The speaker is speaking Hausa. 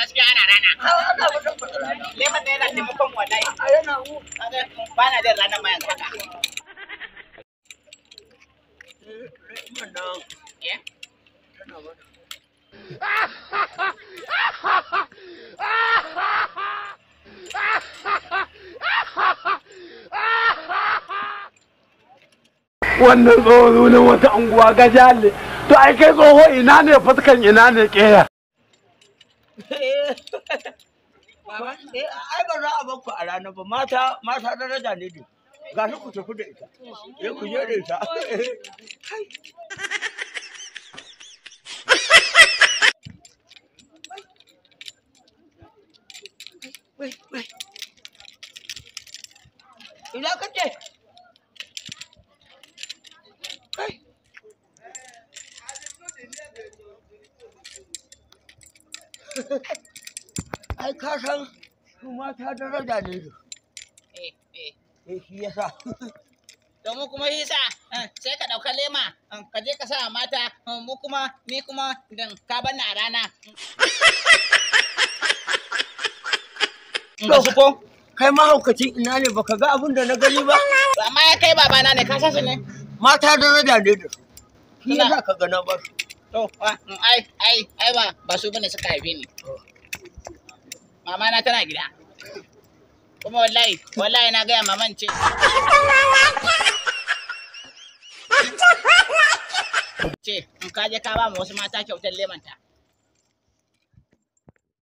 gaskiya ana rana lemon da yana taimakon eh? wannan tsoho ne wata unguwa to ai kai tsoho ina ne fuskan ina ne keya Eh, ai ba za a bar a rana ba mata mata daraja ne dai ga shi ku tafi da ita eh ku je da Wait, wait. ai ka san kuma mata daraja ne eh eh eh shi yasa to mu kuma hisa eh, sai ka ɗauka lema eh, ka je ka sa mata eh, mu kuma ni kuma dan ka bana a rana Ga su ko? Kai mahaukaci ina ne baka ga abin da na gani ba? Amma ya kai babana ne ka san shi ne? Mata daraja ne da su. Shi yasa ka gana ba To, mm, ai, ai, ai ba, ba su bane suka haife ni. Mama na tana gida. Kuma wallahi, wallahi na gaya maman ce. Ce, in ka je ka ba mu wasu mata kyautar lemanta.